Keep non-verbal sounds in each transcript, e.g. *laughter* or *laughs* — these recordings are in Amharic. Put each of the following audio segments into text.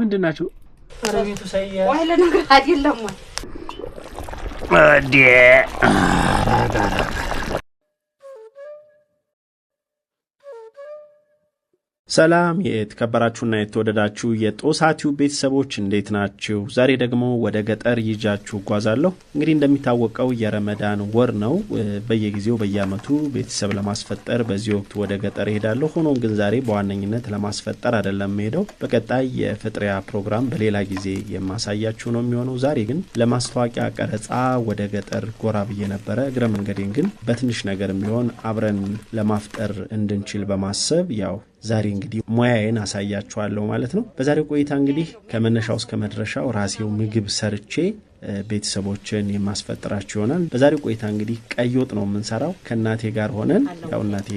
ምንድን ናቸው? ረቤቱ ሳይዋለ ነገር አይደለም ወይ ሰላም የተከበራችሁና የተወደዳችሁ የጦሳቲው ቤተሰቦች እንዴት ናችሁ? ዛሬ ደግሞ ወደ ገጠር ይዣችሁ እጓዛለሁ። እንግዲህ እንደሚታወቀው የረመዳን ወር ነው። በየጊዜው በየአመቱ ቤተሰብ ለማስፈጠር በዚህ ወቅት ወደ ገጠር እሄዳለሁ። ሆኖም ግን ዛሬ በዋነኝነት ለማስፈጠር አይደለም ሄደው በቀጣይ የፍጥሪያ ፕሮግራም በሌላ ጊዜ የማሳያችሁ ነው የሚሆነው። ዛሬ ግን ለማስታወቂያ ቀረጻ ወደ ገጠር ጎራ ብዬ ነበረ። እግረ መንገዴን ግን በትንሽ ነገር የሚሆን አብረን ለማፍጠር እንድንችል በማሰብ ያው ዛሬ እንግዲህ ሙያዬን አሳያችኋለሁ ማለት ነው። በዛሬው ቆይታ እንግዲህ ከመነሻው እስከ መድረሻው ራሴው ምግብ ሰርቼ ቤተሰቦችን የማስፈጥራቸው ይሆናል። በዛሬው ቆይታ እንግዲህ ቀይ ወጥ ነው የምንሰራው ከእናቴ ጋር ሆነን። ያው እናቴ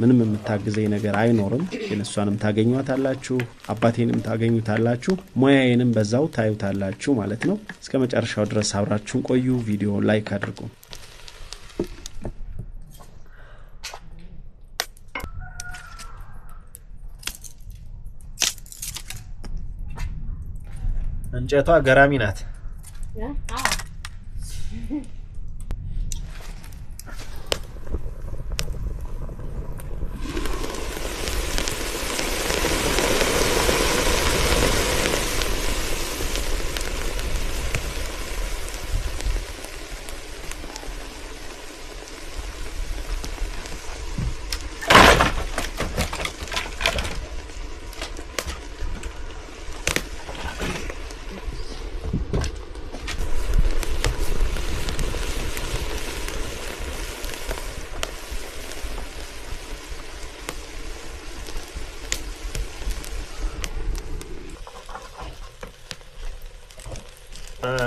ምንም የምታግዘኝ ነገር አይኖርም፣ ግን እሷንም ታገኟታላችሁ፣ አባቴንም ታገኙታላችሁ፣ ሙያዬንም በዛው ታዩታላችሁ ማለት ነው። እስከ መጨረሻው ድረስ አብራችሁን ቆዩ። ቪዲዮ ላይክ አድርጉ። እንጨቷ ገራሚ ናት።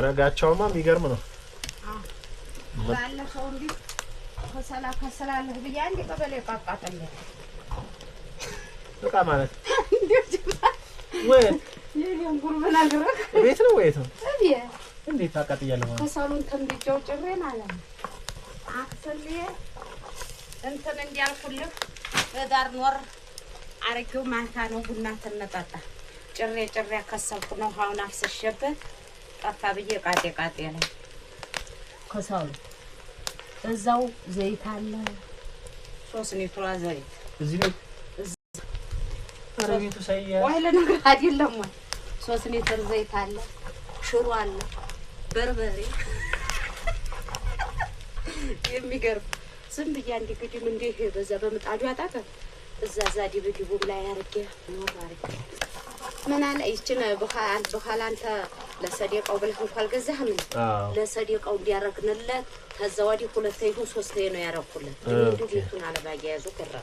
ረጋቸውማ የሚገርም ነው። ባለፈው እንዲህ ከሰላ ከሰላለህ ብዬ አንድ ቀበሌ ቋቋጠለ በቃ ማለት ቤት ነው ወይት ነው እንዴት ታቃጥያለህ? ማለት ከሰሉን ተንብጬው ጭሬ ማለት ነው አክስልዬ እንትን እንዲያልኩልህ እዳር ኖር አረጌው ማታ ነው ቡና ትነጣጣ ጭሬ ጭሬ ከሰልኩ ነው አሁን አፍስሼበት ጠፋ ብዬ ቃጤ ቃጤ ላይ ከሰሉ እዛው ዘይት አለ ሶስት ሊትሯ ዘይት እዚህ ነው። ቤቱ ሳያ ዋይለ ነገር አይደለም ወይ? ሶስት ሊትር ዘይት አለ፣ ሽሮ አለ፣ በርበሬ የሚገርም ዝም ብዬ አንድ ግድም እንዲህ በዛ በምጣዱ ያጣተ እዛ ዛ ዲብዲቡም ላይ አርጌ ኖር አርጌ ምን አለ ይችን በኋላ አንተ ለሰደቃው ብለህ እንኳ አልገዛህም። ለሰደቃው እንዲያረግንለት ከዛ ወዲህ ሁለት ይሁን ሶስት ነው ያረኩለት። እንዲ ቤቱን አለባያያዙ ግራ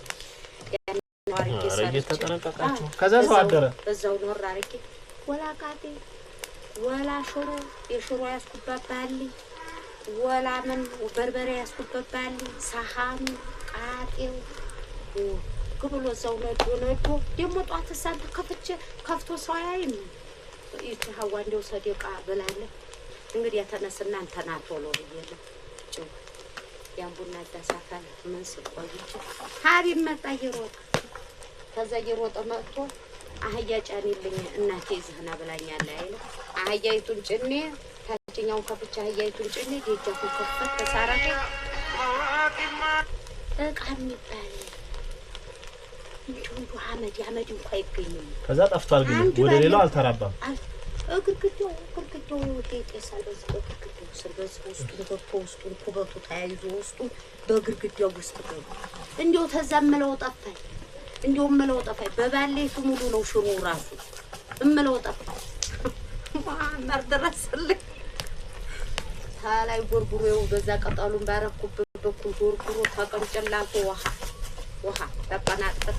ተጠነቀቃችሁ። ከዛ ሰው አደረ እዛው ኖር አርጌ ወላ ወላ ሽሮ የሽሮ ያስኩበት ባሊ ወላ ምን በርበሬ ያስኩበት ባሊ ሰሃኑ ቃጤው ግብሎ ሰው ነዶ ነዶ ደግሞ ጧት ከፍቼ ከፍቶ ሰው አያይም ይቺ ሀዋ እንደው ሰደቃ ብላለች። እንግዲህ የተነስ እናንተ ቶሎ ብዬሽ ያን ቡና ዳሳካል ምን ስቆይች ሀቢብ መጣ እየሮጠ ከዛ እየሮጠ መጥቶ አህያ ጫኒልኝ እናቴ ይዘህና ብላኛለ አይለ አህያይቱን ጭኔ ታችኛውን ከፍቼ አህያይቱን ጭኔ ደጃፉን ከፍታ ተሳራፊ እቃ የሚባል እንዲሁ እንዲሁ አመድ አመድ እንኳ አይገኝም። ከዛ ጠፍቷል፣ ግን ወደ ሌላው አልተራባም። ግድግዳው ግድግዳው ይጤሳል። በዚህ በግድግዳው ስር በዚህ ውስጡን በቶ ውስጡን ኩበቱ ተያይዞ ውስጡን በግድግዳው ውስጥ ገቡ። እንዲሁ ተዛ እምለው ጠፋኝ፣ እንዲሁ እምለው ጠፋኝ። በባሌቱ ሙሉ ነው ሽሮ ራሱ እምለው ጠፋኝ። ማመር ደረሰልኝ ታላይ ጎርጉሮ ይኸው በዛ ቀጠሉን ባረኩበት በኩል ጎርጉሮ ተቀምጨላቶ ውሃ ውሃ ተቀናጥበት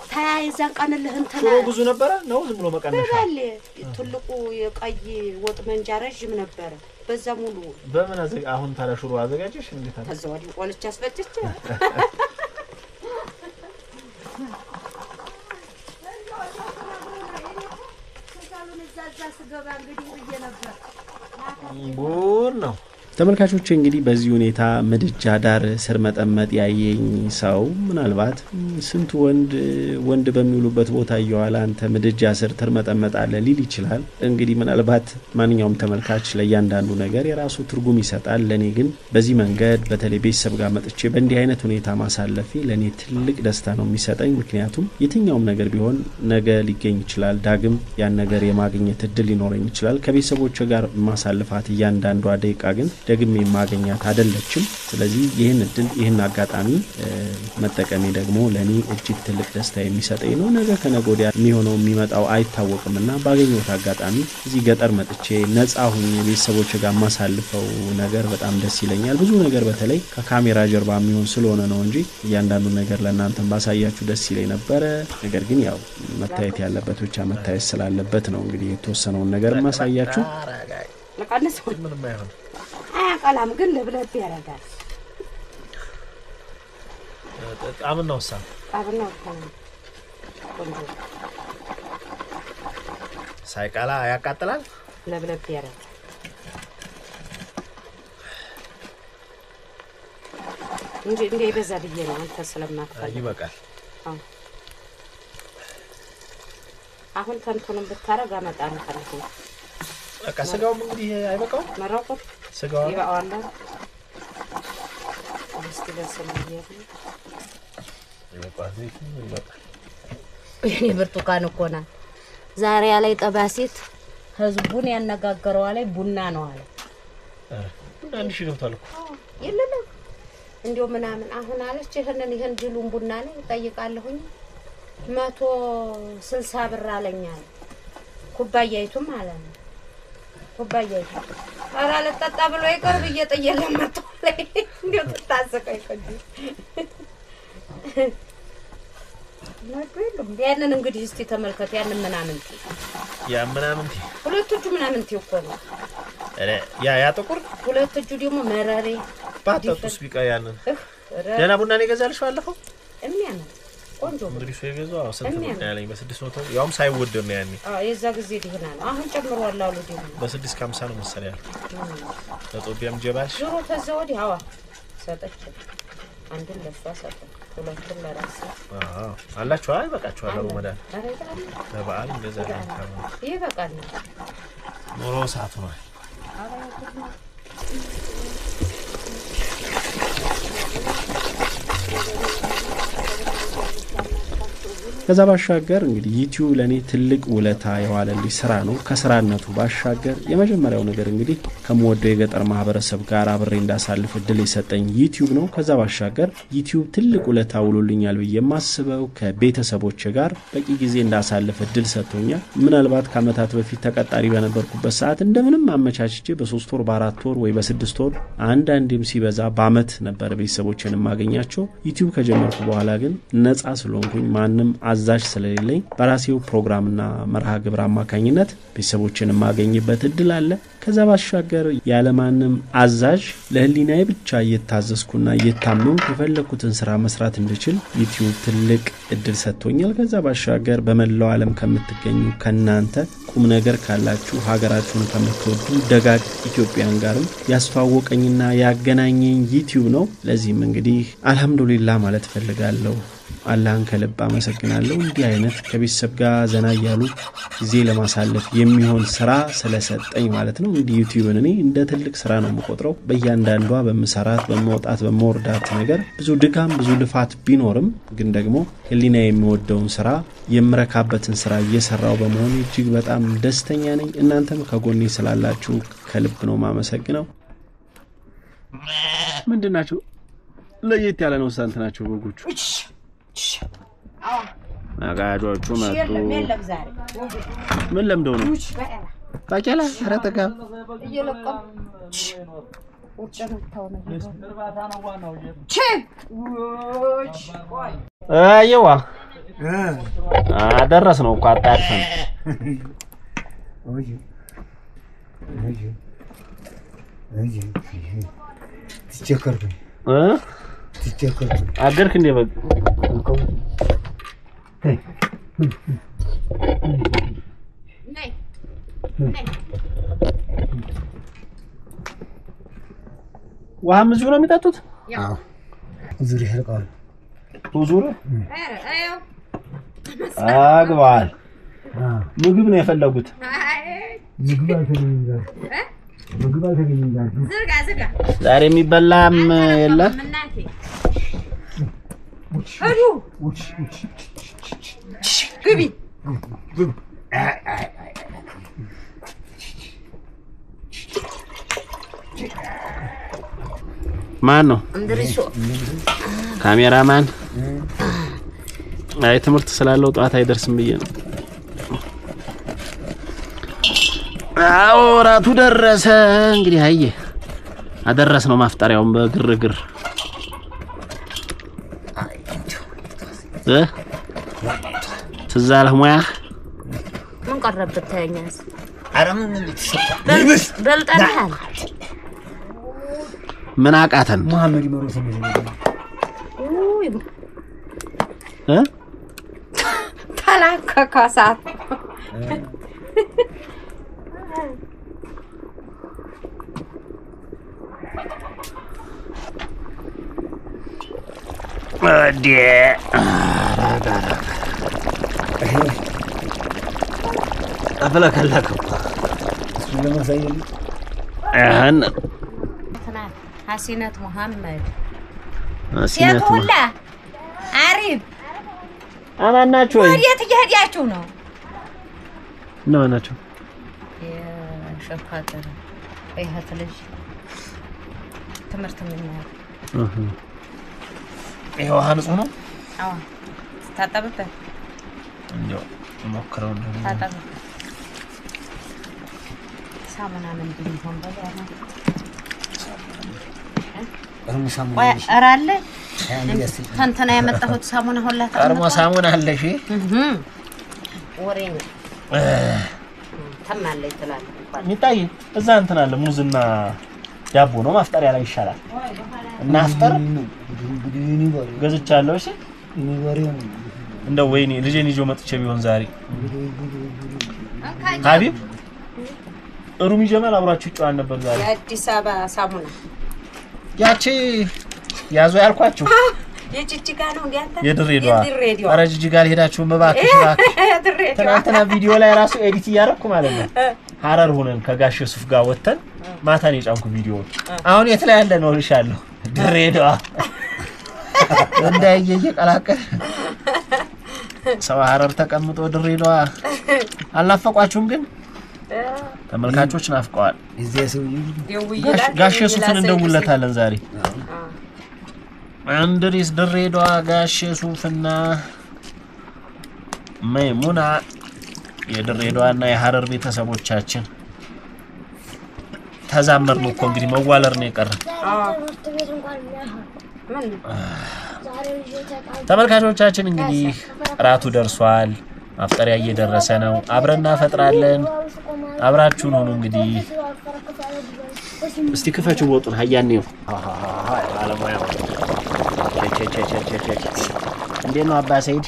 ተያይዛ ቀንልህን ተና ብዙ ነበረ ነው ዝም ብሎ መቀነሻ ይላል። ትልቁ የቀይ ወጥ መንጃ ረዥም ነበረ። በዛ ሙሉ በምን አዘጋ አሁን ታዲያ ሽሮ አዘጋጀሽ? እንዴት አለ ከዛ ቆልቼ አስፈጭቼ እዛ ስገባ እንግዲህ ብዬ ነበር ተመልካቾች እንግዲህ በዚህ ሁኔታ ምድጃ ዳር ስር መጠመጥ ያየኝ ሰው ምናልባት ስንት ወንድ ወንድ በሚውሉበት ቦታ እየዋለ አንተ ምድጃ ስር ትርመጠመጣለህ ሊል ይችላል። እንግዲህ ምናልባት ማንኛውም ተመልካች ለእያንዳንዱ ነገር የራሱ ትርጉም ይሰጣል። ለእኔ ግን በዚህ መንገድ በተለይ ቤተሰብ ጋር መጥቼ በእንዲህ አይነት ሁኔታ ማሳለፌ ለእኔ ትልቅ ደስታ ነው የሚሰጠኝ። ምክንያቱም የትኛውም ነገር ቢሆን ነገ ሊገኝ ይችላል። ዳግም ያን ነገር የማግኘት እድል ሊኖረኝ ይችላል። ከቤተሰቦች ጋር ማሳልፋት እያንዳንዷ ደቂቃ ግን ደግሜ የማገኛት አይደለችም። ስለዚህ ይህን እድል ይህን አጋጣሚ መጠቀሜ ደግሞ ለእኔ እጅግ ትልቅ ደስታ የሚሰጠኝ ነው። ነገ ከነጎዲያ የሚሆነው የሚመጣው አይታወቅም እና ባገኘት አጋጣሚ እዚህ ገጠር መጥቼ ነጻ ሁኜ የቤተሰቦች ጋር ማሳልፈው ነገር በጣም ደስ ይለኛል። ብዙ ነገር በተለይ ከካሜራ ጀርባ የሚሆን ስለሆነ ነው እንጂ እያንዳንዱ ነገር ለእናንተን ባሳያችሁ ደስ ይለኝ ነበረ። ነገር ግን ያው መታየት ያለበት ብቻ መታየት ስላለበት ነው እንግዲህ የተወሰነውን ነገር ማሳያችሁ። አያቀላም፣ ግን ለብለብ ያደርጋል። ጣብና ውሳ ጣብና ውሳ ሳይቀላ ያቃጥላል፣ ለብለብ ያደርጋል። እንዴ እንዴ በዛ ብዬ ነው አንተ ስለማፈል ይበቃል። አሁን ተንተኑን ብታረግ አመጣ ነው። በቃ ስጋውም እንግዲህ አይበቃውም መራቆት ስጋዋን ይበቃዋል። የኔ ብርቱካን እኮ ናት ዛሬ ላይ ጠባሴት ህዝቡን ያነጋገረው ላይ ቡና ነው አለ። አንድ ሺህ ገብቷል እኮ የለም እንዲሁ ምናምን አሁን አለች። ይህንን ይህን ድሉን ቡና ላይ እጠይቃለሁኝ መቶ ስልሳ ብር አለኛል ኩባያይቱም ማለት ነው ኩባያ ይሄ ኧረ ልጠጣ ብሎ ይቅር ብዬ ጥዬለት መጣሁ። እንደው ትታዘቀኝ ቅዱስ ያንን እንግዲህ እስኪ ተመልከቱ። ያንን ምናምንቴ ያ ምናምንቴ ሁለት እጁ ምናምንቴ እኮ ነው ያ ያ ጥቁር ሁለት እጁ ደግሞ መረሬ ባታጡስ ቢቃ ያንን ደህና ቡና ነው የገዛልሽ ባለፈው እሚያ ቆንጆ እንግዲህ ሰው የገዛው ስንት ነው ያለኝ? በስድስት መቶ ያውም ሳይወደድ ነው ያኔ። የዛ ጊዜ ዲህና ነው። አሁን ጨምሯል አሉ ዲህና በስድስት ከሀምሳ ነው መሰለኝ ያለ ለጦቢያም ጀባሽ ዞሮ ከዛ ወዲህ አዋ ሰጠች። አንዱን ለሷ ሰጠ፣ ሁለቱን ለራስ አላችሁ። አይ በቃችኋል። ረመዳን ለበዓል እንደዛ ይበቃል። ኑሮ ሰዓት ነው። ከዛ ባሻገር እንግዲህ ዩቲዩብ ለእኔ ትልቅ ውለታ የዋለልኝ ስራ ነው። ከስራነቱ ባሻገር የመጀመሪያው ነገር እንግዲህ ከምወደው የገጠር ማህበረሰብ ጋር አብሬ እንዳሳልፍ እድል የሰጠኝ ዩቲዩብ ነው። ከዛ ባሻገር ዩቲዩብ ትልቅ ውለታ ውሎልኛል ብዬ የማስበው ከቤተሰቦች ጋር በቂ ጊዜ እንዳሳልፍ እድል ሰጥቶኛል። ምናልባት ከአመታት በፊት ተቀጣሪ በነበርኩበት ሰዓት እንደምንም አመቻችቼ በሶስት ወር በአራት ወር ወይ በስድስት ወር አንዳንዴም ሲበዛ በአመት ነበር ቤተሰቦችን የማገኛቸው። ዩቲዩብ ከጀመርኩ በኋላ ግን ነጻ ስለሆንኩኝ ማንም አዛዥ ስለሌለኝ በራሴው ፕሮግራምና መርሃ ግብር አማካኝነት ቤተሰቦችን የማገኝበት እድል አለ። ከዛ ባሻገር ያለማንም አዛዥ ለህሊናዬ ብቻ እየታዘዝኩና እየታመንኩ የፈለግኩትን ስራ መስራት እንድችል ዩቲዩብ ትልቅ እድል ሰጥቶኛል። ከዛ ባሻገር በመላው ዓለም ከምትገኙ ከእናንተ ቁም ነገር ካላችሁ ሀገራችሁን ከምትወዱ ደጋግ ኢትዮጵያን ጋርም ያስተዋወቀኝና ያገናኘኝ ዩቲዩብ ነው። ለዚህም እንግዲህ አልሐምዱሊላ ማለት እፈልጋለሁ። አላህን ከልብ አመሰግናለሁ። እንዲህ አይነት ከቤተሰብ ጋር ዘና እያሉ ጊዜ ለማሳለፍ የሚሆን ስራ ስለሰጠኝ ማለት ነው። እንዲህ ዩቲዩብን እኔ እንደ ትልቅ ስራ ነው የምቆጥረው። በእያንዳንዷ በምሰራት በመውጣት በመወርዳት ነገር ብዙ ድካም ብዙ ልፋት ቢኖርም ግን ደግሞ ህሊና የሚወደውን ስራ የምረካበትን ስራ እየሰራው በመሆኑ እጅግ በጣም ደስተኛ ነኝ። እናንተም ከጎኔ ስላላችሁ ከልብ ነው ማመሰግነው። ምንድን ናቸው ለየት ያለ ነው ሳንት ናቸው በጎቹ ነጋጆቹ መጡ። ምን ለምደው ነው ታውቂያለህ? ኧረ ተጋ አይዋ አደረስ ነው እኮ አጣርሰን እ أقرك إني بق وهم مزجونا ميتاتوت؟ يا زوري هرقال وزوري؟ أيوه أقبال ምግብ ነው የፈለጉት ምግብ ምግብ አልተገኘም። ዝርጋ ዝርጋ። ዛሬ የሚበላም የለ። ግቢ ማን ነው ካሜራማን? አይ ትምህርት ስላለው ጠዋት አይደርስም ብዬ ነው። አዎ እራቱ ደረሰ። እንግዲህ አየ አደረስ ነው ማፍጠሪያውን በግርግር ትዝ አለህ ሙያ ምን ቀረብህ? ተኛስ በልጠናል። ምን አቃተን? መሐመድ ተላከ ከሳት dear. أفلا كلاكم أهن حسينة محمد حسينة الله عريب أنا ناتشو وريت يهدياتشو نو نو ناتشو يا شوف خاطر أي هاتلج تمرت من النار የውሃ ንጹህ ነው። ስታጠብበት እንዴ ሞክረው እንደሆነ ተንተና ያመጣሁት ሳሙና ሁላ ቀርሞ ሳሙና አለሽ ወሬ ነው እዛ እንትን አለ ሙዝና ዳቦ ነው ማፍጠሪያ ላይ ይሻላል። እናፍጠር ገዝቻለሁ። እሺ እንደው ወይኔ ልጄን ይዤው መጥቼ ቢሆን ዛሬ ሀቢብ ሩሚ ጀማል አብሯችሁ ይጫዋል ነበር ዛሬ የአዲስ አበባ ሳሙና ያቺ ያዙ ያልኳችሁ የጅጅጋ ነው እንዴ? አንተ የድሬዳዋ ኧረ ጅጅጋ እባክሽ እባክሽ። *laughs* ትናንትና ቪዲዮ ላይ ራሱ ኤዲት እያደረኩ ማለት ነው ሀረር ሆነን ከጋሽ ሱፍ ጋር ወተን ማታን የጫንኩ ቪዲዮ። አሁን የት ላይ ያለ ነው ልሻለሁ። ድሬዳዋ *laughs* እንዳየ እየቀላቀል ሰው ሀረር ተቀምጦ ድሬዳዋ አልናፈቋችሁም ግን? ተመልካቾች ናፍቀዋል። ጋሽ ሱፍን እንደውለታለን ዛሬ አንድሪስ ድሬዳዋ፣ ጋሽ ሱፍና መይሙና የድሬዳዋና የሀረር ቤተሰቦቻችን ተዛመር ነው እኮ እንግዲህ መዋለር ነው የቀረ። ተመልካቾቻችን እንግዲህ እራቱ ደርሷል። ማፍጠሪያ እየደረሰ ነው። አብረን እናፈጥራለን። አብራችሁን ሆኑ። እንግዲህ እስቲ ክፈችው ወጡን ሀያኔው እንዴት ነው አባ ሰይድ?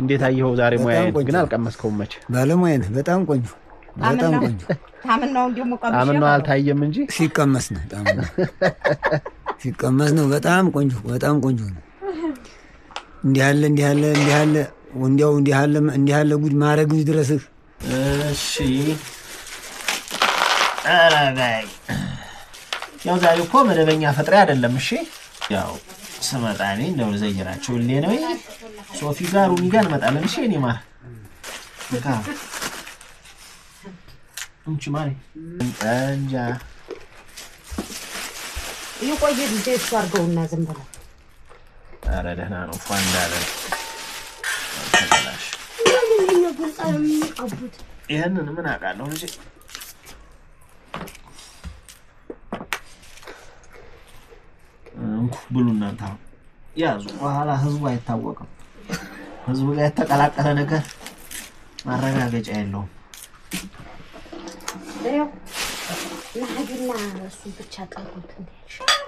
እንዴት አየኸው ዛሬ? ሙያዬን ግን አልቀመስከውም መች። ባለሙያ ነህ። በጣም ቆንጆ በጣም ቆንጆ። ታምነው አልታየም እንጂ ሲቀመስ ነው ሲቀመስ ነው። በጣም ቆንጆ በጣም ቆንጆ ነው። እንዲህ ያለ እንዲህ ያለ እንዲህ ያለ እንዲያው እንዲህ ያለ እንዲህ ያለ ጉድ ማድረግ ድረስህ። እሺ ኧረ በይ ያው ዛሬ እኮ መደበኛ ፈጥሬ አይደለም። እሺ ያው ስመጣ እኔ እንደው ዘይራቸው ሌ ነው ሶፊ ጋር ሩሚ ጋር እንመጣለን። እሺ እኔ ማር በቃ እንቺ ማሪ እንጃ ይቆየ እሱ አድርገውና ዝም ብለው ኧረ ደህና ነው ፏ እንዳለ ይህንን ምን አውቃለሁ ልጄ ብሉ እናንተ ያዙ። በኋላ ህዝቡ አይታወቅም። ህዝቡ ጋር የተቀላቀለ ነገር ማረጋገጫ የለውም። ይኸው ናሂና እሱን ብቻ ጠሩት።